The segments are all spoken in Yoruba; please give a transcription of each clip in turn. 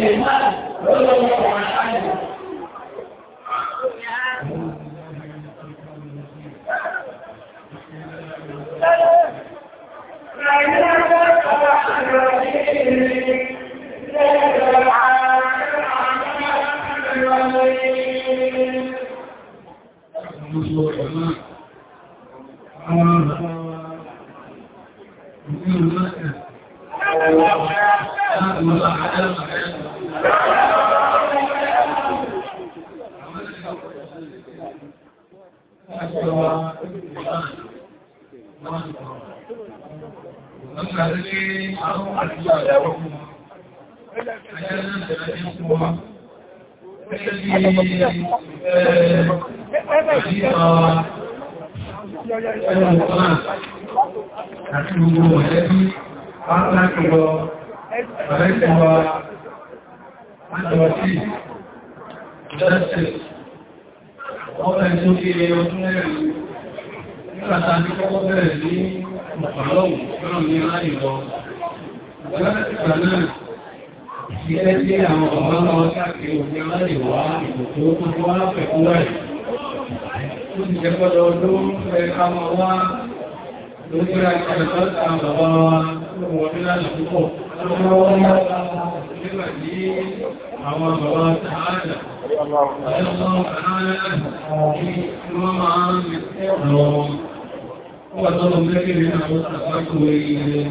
lèmọ́nà lọ́wọ́ ọ̀rọ̀ àṣájú. Thank you. àti gbogbo ẹ̀lẹ́bí pàtàkìwọ ọ̀rẹ́kùnwà àjọ̀tí justice ọ̀rẹ́ tó fi ọdún ẹ̀rù nígbàtà ní kọ́kọ́ bẹ̀rẹ̀ ní ọ̀pàlọ́wù fẹ́ràn ní láìlọ ọ̀rẹ́ iṣẹ́ tí àwọn ọ̀bá wọn káàkiri òfin aláàrẹ̀ wá ìkòkò tó tó wá pẹ̀kú rẹ̀. Ó ti jẹ́ gbọ́dọ̀ ló ń fẹ́ káàmà wá lórí àkàrẹ̀kọ́ àwọn bàbá wa lóòwò ọdún lánàá púpọ̀. Nígbà tí àwọn bàbá tààdà, ẹ̀lọ́wọ́ àárẹ̀ àti wọ́n máa ń rẹ̀ ẹ̀rọ. Ó wà tọ́lọ mẹ́rin àwọn àpapọ̀ ilẹ̀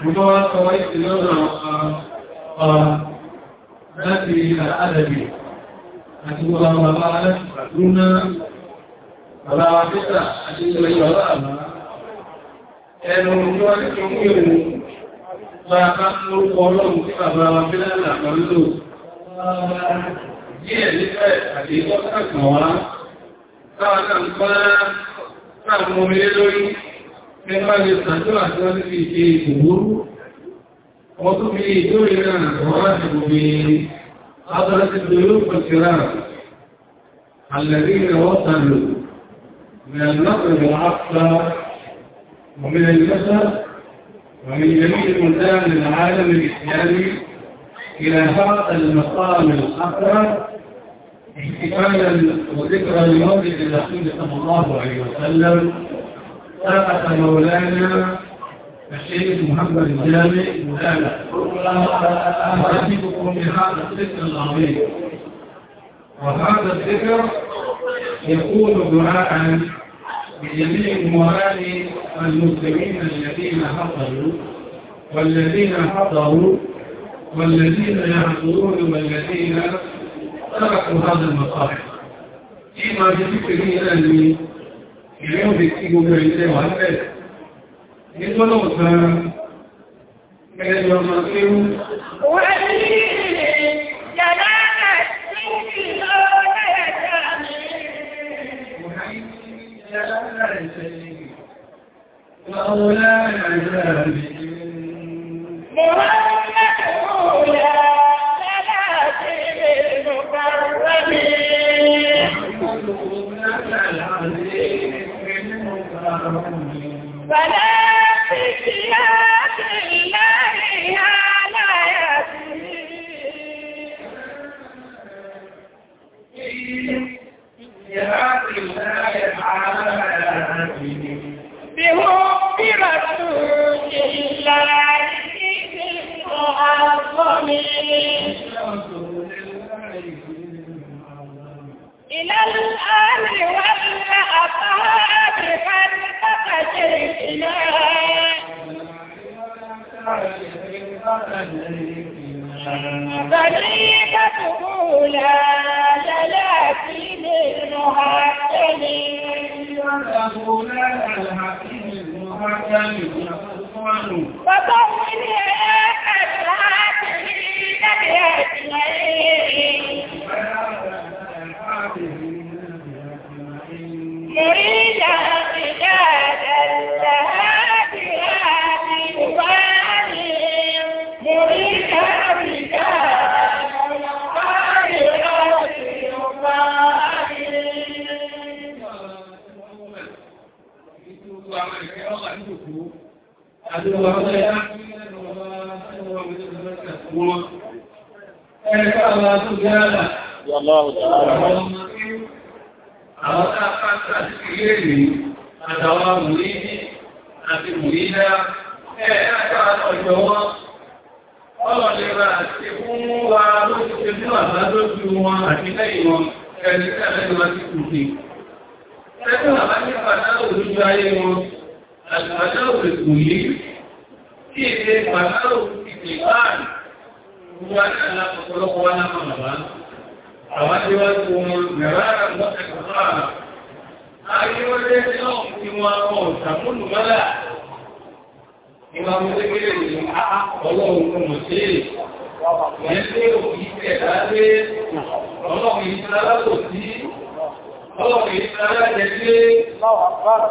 Gbogbo wá sọ wáyé ti lọ́nà láti àdàbì àti gbogbo àwọn bàbá aláṣùgbàdúnà bàbá wa títà àti ilẹ̀ ìwọ̀lá àmà. Ẹnu ní wọ́n ti mú ìrìn bàbá lórúkọ ọlọ́run tí bàbá wa fi láàrín àpàlúlò. Díẹ̀ nífẹ́ àti ìtọ́kàkàn wá, táwọn náà ń pàá ẹgbà lè sàdúrà tí wọ́n fi ṣe ìgbòrú wọ́n tó fi ìjọ́rì ومن البشر ومن جميع بلدان العالم الإسلامي إلى هذا المقام الأكبر احتفالا وذكرى لمولد الرسول صلى الله عليه وسلم سبق مولانا الشيخ محمد الجامع مولانا أرحبكم بهذا الذكر العظيم وهذا الذكر يكون دعاء لجميع موالي المسلمين الذين حضروا والذين حضروا والذين يحضرون والذين تركوا هذا المصائب. فيما بذكره أهلي ìrẹ́ òfin tí gbogbo ń Wọ́n ní yàrá àti ìlọ́rẹ̀ ẹ̀dá mi. Wọ́n ní yàrá فلا تجيات الله على يديه بهم برسول الله إلى الآن والأطهار فنيته لا لكن المحكم فطول أسراته نبيته مريد gbogbo àwọn ìrẹ́ ọ̀pá ní òkú àdúgbò àwọn ẹ̀yà Ẹ̀ẹ́ká àwọn tó gẹ́ àlà, àwọn ọmọ tí àwọn tá a pàtàkì àti ilé ìrìn, àtàwọn mùrí àti mùrí náà, ẹ̀ẹ́ká àwọn ọjọ́ wọn, ọlọ́lẹ́ra àti fún wa lóṣìṣẹ́ fún àbájọ́jú wọn àti lẹ́yìn wọn, ẹ̀ẹ́ká àwọn ọjọ́ wọn ti kù sí. Ẹgbẹ́ bàbá ní pàtàkì lójú ayé wọn, àgbàjá òfin kò yí, kí èdè pàtàkì òfin ti báàrì, gbogbo àjàlá ọ̀pọ̀lọpọ̀ wá lápá bàbá. Àwọn tí wọ́n tó wọn mẹ́rà lọ́kẹ̀kọ̀ sáà. Ayéwọlé náà ti wọn àwọn ọ̀sàmúlù mọ́lá. Ìwà mú lé kéré ìlú ọlọ́run mú mọ̀ sí. Ìyẹ́ lé òkú ìfẹ́ Ọlọ́run yìí ti rẹ̀ jẹ́ pé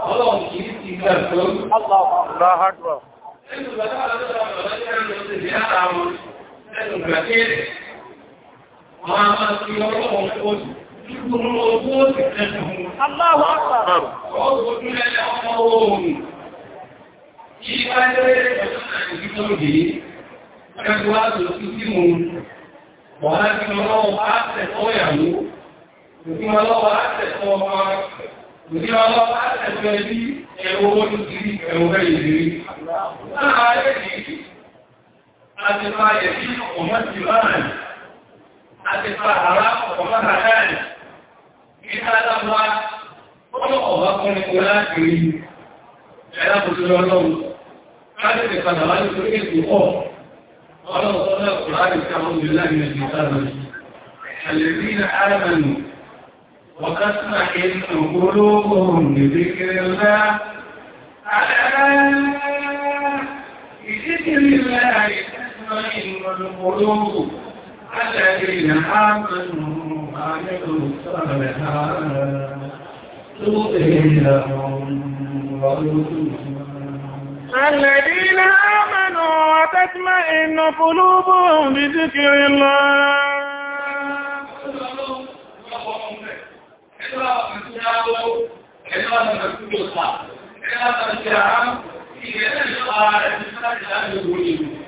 ọlọ́run yìí ti gbẹ̀ tó. Allahu Akbar. Ọgbọ̀n ilẹ̀ ọmọ oòrùn. Ìgbàjẹ́ ẹ̀sùn àti ìgbìyànjú ẹgbẹ̀wà tó sí sí mú. Wọ́n á ti ọlọ́run bá tẹ̀ òní ọlọ́wọ́ látẹ̀sán ọmọ òní ọlọ́wọ́ látẹ̀sán ẹbí ẹ̀rọ ojú sí ẹ̀rọ ìrírí. Láàárẹ̀ yìí, a ti fa ẹ̀bí ọmọ ti láàrín, a ti fa àrá ọmọ àdáyìn, ní aláwọ̀ ọlọ́wọ́ fún ẹkọ láti rí ẹ̀rọ òṣèré ọlọ́run. Káàdì ìpàdà wáyé tó kéèkì pọ̀, ọlọ́run tó lẹ́kọ̀ọ́ láti ṣe àwọn ìlú láti ẹ̀jẹ̀ sára. Àlèrí ní àrẹ́mẹ̀nù وتسمحن قلوبهم بذكر الله على بذكر الله تسمحن القلوب الذين آمنوا وعملوا الصالحات تؤذي لهم الذين آمنوا وتطمئن قلوبهم بذكر الله الشعب في جميع القاعدة الشعب المبين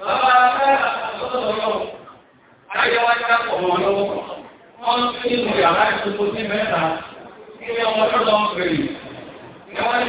فما أصدره أي وجه قوله ومن في المجامعة المسلمين في يوم الحرم الكريم يوم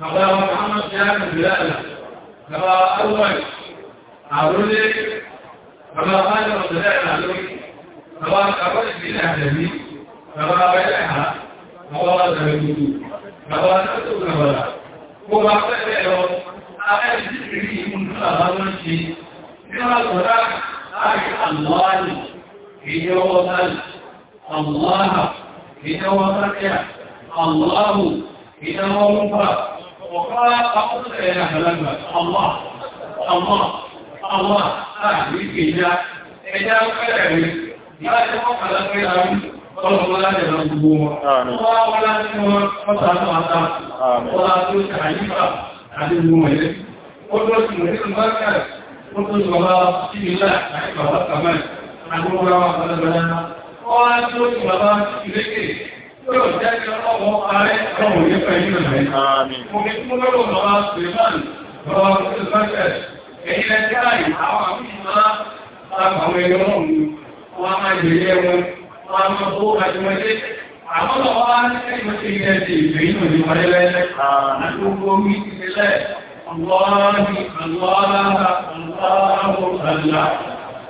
خبر محمد كان بلاله خبر أول عبده خبر قال وضلاء عليه خبر أول بالأهلبي خبر بلاها خبر زميني خبر نفسه خبر هو بعض الأيام أعلم ذكري من خبر شيء كما ترى أعلم الله في يوم الله في يوم الله في يوم الله وقال أقول يا حلمة الله الله الله أهل الجنة إذا قلت لا يوقع لك الأمر ولا تنبوه ولا تنبوه ولا تنبوه ولا تنبوه عن المؤمن قلت المؤمن المركز قلت الله بسم الله أحبه كمان عن الله وقال بلنا وقال الله إليك tí ó jẹ́ kí ọlọ́wọ́ ààrẹ ọlọ́wọ́ ní pẹ̀lú ìrìn. Mo fi tí mo lọ́rọ̀ lọ́wọ́ Suleiman lọ́wọ́ Suleiman èyí lẹ jẹ́ àyè àwọn àwọn ìmọ̀ àwọn ẹni ọlọ́run ni wọ́n máa jẹ ilé wọn wọ́n máa tó àjọmọdé àwọn lọ́wọ́ á ní ẹ̀yìn tí ilẹ̀ ti ìgbé inú ní wọlé lẹ́lẹ́ àdúgbò mi ti lẹ́ Àwọn ọmọ ìgbàlọ́ ara àwọn ọmọ ìgbàlọ́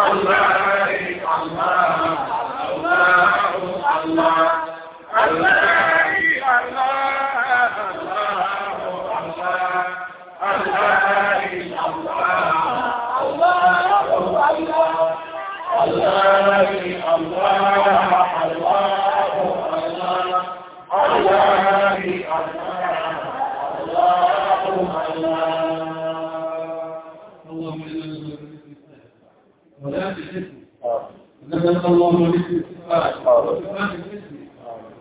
الله الله الله الله نزل الله باسم الصفات وصفات الاسم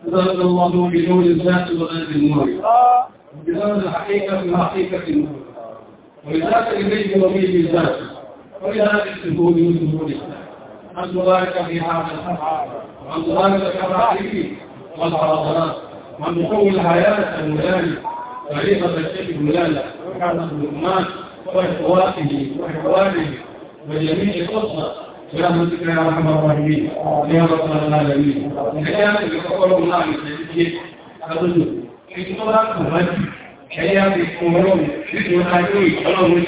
نزل الله بنور الذات وغير النور بنور الحقيقة وحقيقة النور ولذاك إليه وبيه الذات وإلى هذه السهول وسهول الذات أن تبارك في هذا الحق وأن تبارك كما فيه والحرارات وأن نحول الحياة الملالة طريقة الشيخ الملالة وحالة الأمات وإخواته وإخوانه وجميع قصة يا ملك يا رحمة الرحيم يا رحمة العالمين كيان يقول الله عن سيدي أدنو إنما كمان كيان يقولون في هذه الأمور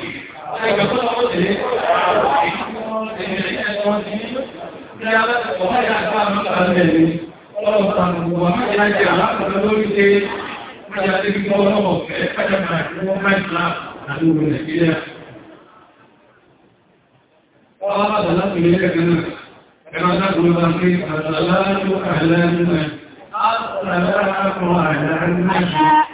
Thank you. Assalamu ala al-nabi